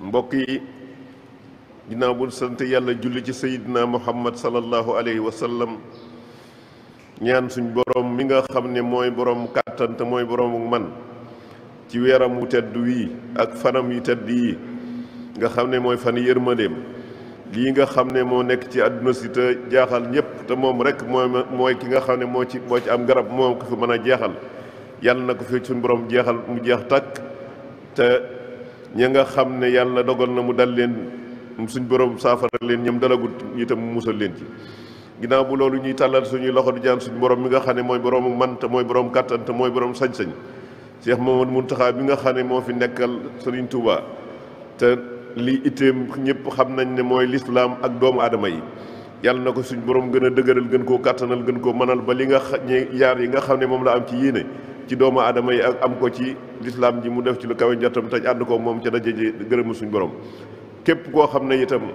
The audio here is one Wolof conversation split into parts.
mbokk yi ginnaaw bu sant yàlla julli ci sayidina muhammad sallallahu alayhi wa sallam ñaan suñ borom mi nga xam ne mooy borom kàttan te mooy boroomu man ci weeram wu tedd wii ak fanam yi tedd yi nga xam ne mooy fan yërmandeem lii nga xam ne moo nekk ci àdduna si te jaaxal ñëpp te moom rek mooy mooy ki nga xam ne moo ci moo ci am garab moom ko fi mën a jeexal yàlla na ko fi suñ borom jeexal mu jeex tàkk te ña nga xam ne yàlla dogal na mu dal leen suñ borom saafara leen ñoom dalagut itam mu musal leen ci ginnaaw bu loolu ñuy tàllal suñuy loxo di jaan suñ borom mi nga xam ne mooy borom man mooy borom kàttan mooy borom sañ-sañ Cheikh Mamadou Mountakha bi nga xam ne moo fi nekkal Serigne Touba te lii itteem ñëpp xam nañ ne mooy lislaam ak doomu aadama yi yàlla na ko suñ borom gën a dëgëral gën koo kàttanal gën koo mënal ba li nga ñe yaar yi nga xam ne moom la am ci yéene ci doomu aadama yi ak am ko ci lislaam ji mu def ci lu kawe njottam te ànd ko moom ca daje ji gërëmu suñu borom képp koo xam ne itam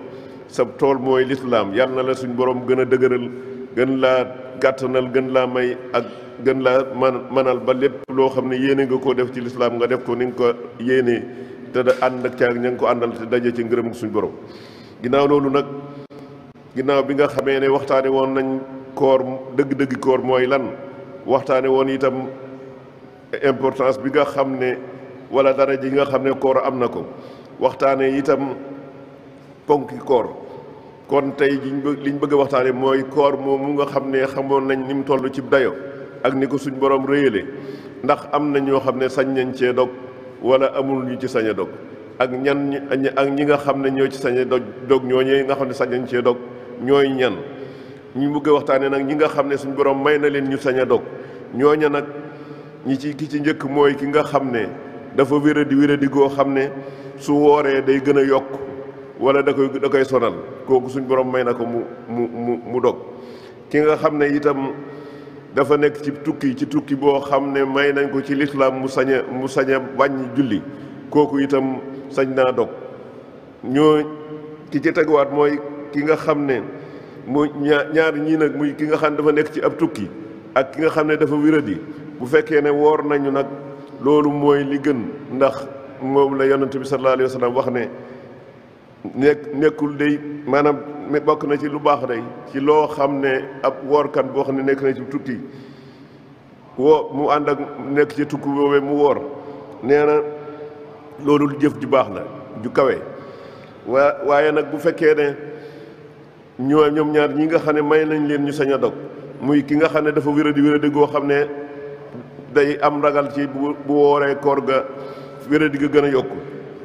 sa tool mooy lislaam yàlla na la suñu borom gën a dëgëral gën laa gàttanal gën laa may ak gën laa man manal ba lépp loo xam ne yéene nga ko def ci lislaam nga def ko ni nga ko yéenee te da ànd ak caag ña nga ko àndal te daje ci ngërëm suñu borom ginnaaw loolu nag ginnaaw bi nga xamee ne waxtaane woon nañ koor dëgg-dëgg koor mooy lan waxtaane woon itam importance bi nga xam ne wala dara ji nga xam ne koor am na ko waxtaane itam ponki koor kon tey liñ liñ bëgg a waxtaane mooy koor moom mu nga xam ne xamoon nañ ni mu toll ci dayo ak ni ko suñ boroom réyale ndax am na ñoo xam ne sañ nañ cee dog wala amul ñu ci sañ a dog ak ñan ak ñi nga xam ne ñoo ci sañ a dog dog ñooñee nga xam ne sañ nañ cee dog ñooy ñan ñu bëgg a waxtaane nag ñi nga xam ne suñ borom may na leen ñu sañ a dog ñooña nag ñi ci ki ci njëkk mooy ki nga xam ne dafa wéradi wéradi goo xam ne su wooree day gën a yokk wala da koy da koy sonal kooku suñ borom may na ko mu mu mu mu dog ki nga xam ne itam dafa nekk ci tukki ci tukki boo xam ne may nañ ko ci lislaam mu sañ mu sañ a wàññi julli kooku itam sañ naa dog ñoo ki ci teguwaat mooy ki nga xam ne mu ñaar ñaar ñii nag muy ki nga xam ne dafa nekk ci ab tukki ak ki nga xam ne dafa wéradi bu fekkee ne woor nañu nag loolu mooy li gën ndax moom la yonent bi sallallahu alayhi wa sallam wax ne nekk nekkul day maanaam bokk na ci lu baax day ci loo xam ne ab woorkat boo xam ne nekk na ci tukki woo mu ànd ak nekk ci tukki boobee mu woor nee na loolu jëf ju baax la ju kawe waa waaye nag bu fekkee ne ñoo ñoom ñaar ñi nga xam ne may nañ leen ñu sañ a dog muy ki nga xam ne dafa wéradi wéradi goo xam ne day am ragal ci bu bu wooree koor ga wéradi ga gën a yokk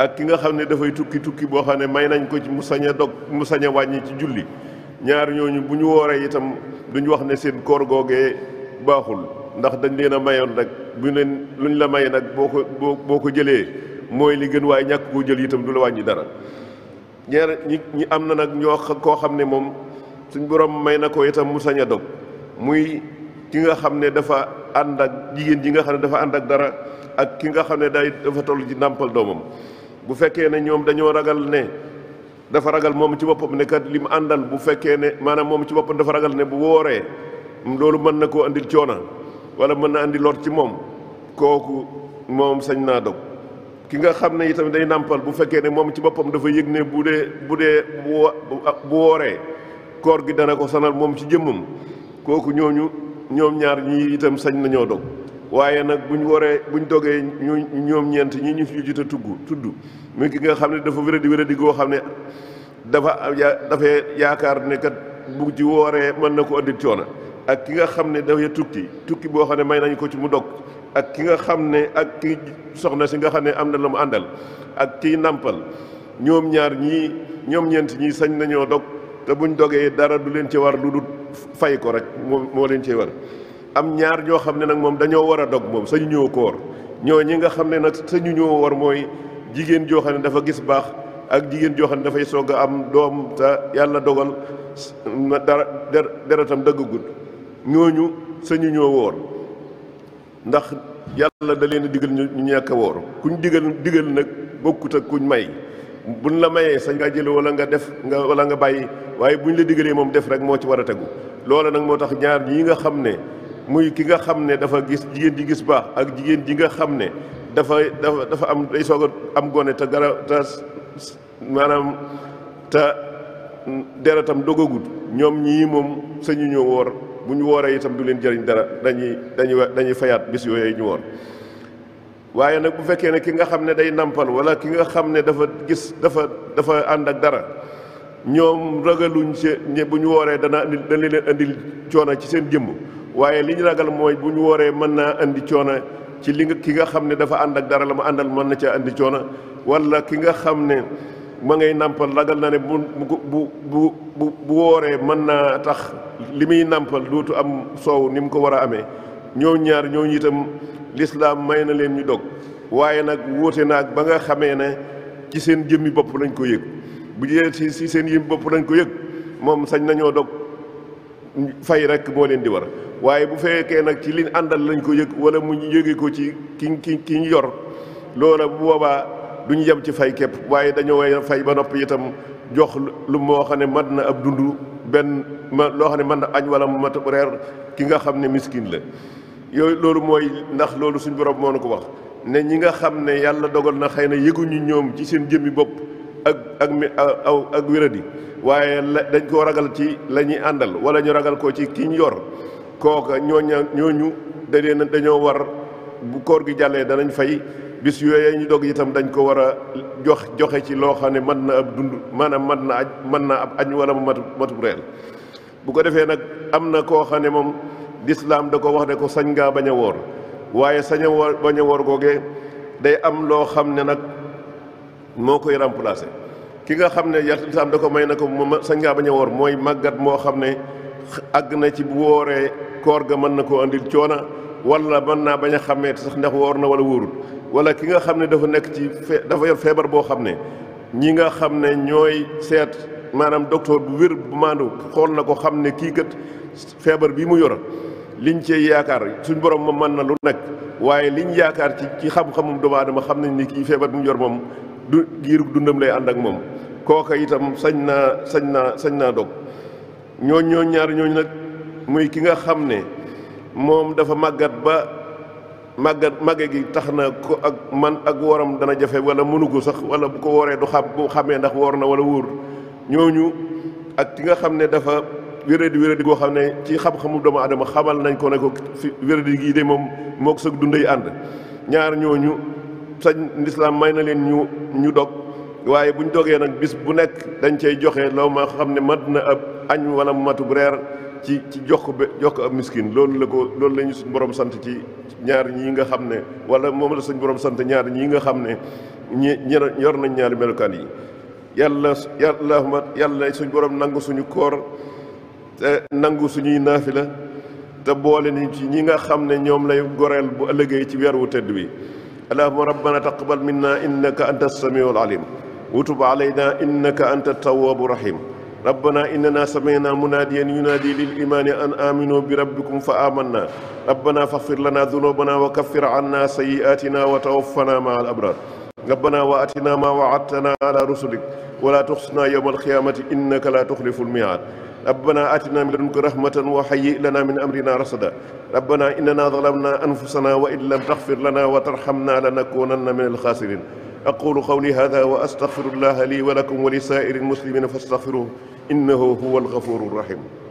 ak ki nga xam ne dafay tukki tukki boo xam ne may nañ ko ci mu sañ a mu sañ wàññi ci julli ñaar ñooñu bu ñu wooree itam duñu wax ne seen koor googee baaxul ndax dañ leen a mayoon rek bu leen luñ la may nag boo ko boo boo ko jëlee mooy li gën waaye ñàkk koo jël itam du wàññi dara ñaar ñi ñi am na nag ñoo koo xam ne moom suñ borom may na ko itam mu sañ a dog muy ki nga xam ne dafa ànd ak jigéen ji nga xam ne dafa ànd ak dara ak ki nga xam ne day dafa tollu ci nàmpal doomam bu fekkee ne ñoom dañoo ragal ne dafa ragal moom ci boppam ne kat li mu àndal bu fekkee ne maanaam moom ci boppam dafa ragal ne bu wooree loolu mën na koo andil coona wala mën na andi lor ci moom kooku moom sañ naa dog ki nga xam ne itam day nàmpal bu fekkee ne moom ci boppam dafa yëg ne bu dee bu dee bu wooree koor gi dana ko sanal moom ci jëmmam kooku ñooñu ñoom ñaar ñii itam sañ nañoo dog waaye nag bu ñu waree bu ñu ñu ñoom ñeent ñi ñu fi jot a tugg tudd muy ki nga xam ne dafa wéradi wéradi goo xam ne dafa dafay yaakaar ne kat bu ci wooree mën na ko andi coono ak ki nga xam ne dafay tukki tukki boo xam ne may nañu ko ci mu dog ak ki nga xam ne ak ki soxna si nga xam ne am na la mu àndal ak kiy nàmpal ñoom ñaar ñii ñoom ñeent ñii sañ nañoo dog te buñ dogee dara du leen ci war lu dul fay ko rek moom moo leen cee war am ñaar ñoo xam ne nag moom dañoo war a dog moom sañu ñëw koor ñoo ñi nga xam ne nag sañu ñëw war mooy jigéen joo xam ne dafa gis baax ak jigéen joo xam ne dafay soog a am doom te yàlla dogal dara deretam dëggagut ñu sañu ñoo woor ndax yàlla da leen digal ñu ñàkk woor kuñ digal digal nag bokkut ak kuñ may bu ñu la mayee sañ ngaa jël wala nga def nga wala nga bàyyi waaye buñ la digalee moom def rek moo ci war a tegu loola nag moo tax ñaar ñii nga xam ne muy ki nga xam ne dafa gis jigéen ji gis baax ak jigéen ji nga xam ne dafa dafa dafa am day soog a am gone te gara te maanaam te deretam dogagut ñoom ñii moom sañu ñoo woor bu ñu wooree itam du leen jëriñ dara dañuy dañuy dañuy fayaat bis yooyu ñu woor waaye nag bu fekkee ne ki nga xam ne day nampal wala ki nga xam ne dafa gis dafa dafa ànd ak dara ñoom ragaluñ ci ñe bu ñu wooree dana indi dana coono ci seen jëmm waaye li ñu ragal mooy bu ñu wooree mën naa andi coono ci li nga ki nga xam ne dafa ànd ak dara la ma àndal mën na caa andi coono wala ki nga xam ne ma ngay nampal ragal na ne bu bu bu bu wooree mën naa tax li muy nampal dootu am soow ni mu ko war a amee ñoo ñaar ñooñu itam. lislaam may na leen ñu dog waaye nag wóote naag ba nga xamee ne ci seen jëmmi bopp lañ ko yëg bu jee ci si seen yëmmi bopp lañ ko yëg moom sañ nañoo dog fay rek moo leen di war waaye bu fekkee nag ci liñ àndal lañ ko yëg wala mu ñu yëge ko ci ki ki ki ñu yor loola bu boobaa duñu yem ci fay képp waaye dañoo way fay ba noppi itam jox lu moo xam ne mat na ab dund benn ma loo xam ne mën na añ wala mat reer ki nga xam ne miskin la yooyu loolu mooy ndax loolu suñ borom moo na ko wax ne ñi nga xam ne yàlla dogal na xëy na yëguñu ñoom ci seen jëmmi bopp ak ak aw ak wéradi waaye dañ ko ragal ci la ñuy àndal wala ñu ragal koo ci ki ñu yor kooka ñooña ñooñu dadee na dañoo war bu koor gi jàllee danañ fay bis yooyee ñu dog itam dañ ko war a jox joxe ci loo xam ne mën na ab dund maanaam mën na aj mën na ab añ wala mu matub matub reel bu ko defee nag am na koo xam ne moom lislaam da ko wax ne ko sañ ngaa bañ a woor waaye sañ a woor bañ a woor googee day am loo xam ne nag moo koy remplacer ki nga xam ne yar lislaam da ko may na ko sañ ngaa bañ a woor mooy màggat moo xam ne àgg na ci bu wooree koor ga mën na koo andil coona wala mën naa bañ a xàmmee sax ndax woor na wala wóorul wala ki nga xam ne dafa nekk ci dafa yor feebar boo xam ne ñi nga xam ne ñooy seet maanaam docteur bu wér bu maandu xool na ko xam ne kii kat feebar bi mu yor liñ cee yaakaar suñ borom ma mën na lu nekk waaye liñ yaakaar ci ci xam-xamum doomu aadama xam nañ ni kii feebar bu mu yor moom du giiru dundam lay ànd ak moom kooka itam sañ naa sañ naa sañ naa dog ñooñ ñooñ ñaar ñooñ nag muy ki nga xam ne moom dafa màggat ba màggat màgge gi tax na ko ak man ak woram dana jafe wala mënu ko sax wala bu ko wooree du xam bu xamee ndax wor na wala wóor ñooñu ak ki nga xam ne dafa wéradi wéradi goo xam ne ci xam-xamu doomu adama xamal nañ ko ne ko fi wéradi kii de moom moo ko sëg dunday ànd ñaar ñooñu sañ lislaam may na leen ñu ñu dog waaye bu ñu dogee nag bis bu nekk dañ cee joxe loo ma xam ne mat na ab añ wala bu reer ci ci jox ko ba jox ko ab miskin loolu la ko loolu la ñu suñ borom sant ci ñaar ñii nga xam ne wala moom la suñ borom sant ñaar ñii nga xam ne ñi yor nañ ñaari melokaan yi yàlla yàlla suñ borom nangu suñu koor te nangu suñuy naafila te boole ni ci ñi nga xam ne ñoom lay goreel bu ëllëgee ci weer wu tëdd bi allahuma rabbana taqabal minna innaka anta samiu alalim wutub alayna innaka anta tawaabu rahim rabbana innana samina munadiyan yunadi lil imani an aminu bi rabbikum fa amanna rabbana faghfir lana dhunubana wa kaffir anna sayyi'atina wa tawaffana ma al abrar rabbana wa atina ma wa'adtana ala rusulik wa la tukhzina yawma al qiyamati innaka la tukhlifu al mi'ad ربنا آتنا من لدنك رحمة وهيئ لنا من أمرنا رشدا ربنا إننا ظلمنا أنفسنا وإن لم تغفر لنا وترحمنا لنكونن من الخاسرين أقول قولي هذا وأستغفر الله لي ولكم ولسائر المسلمين فاستغفروه إنه هو الغفور الرحيم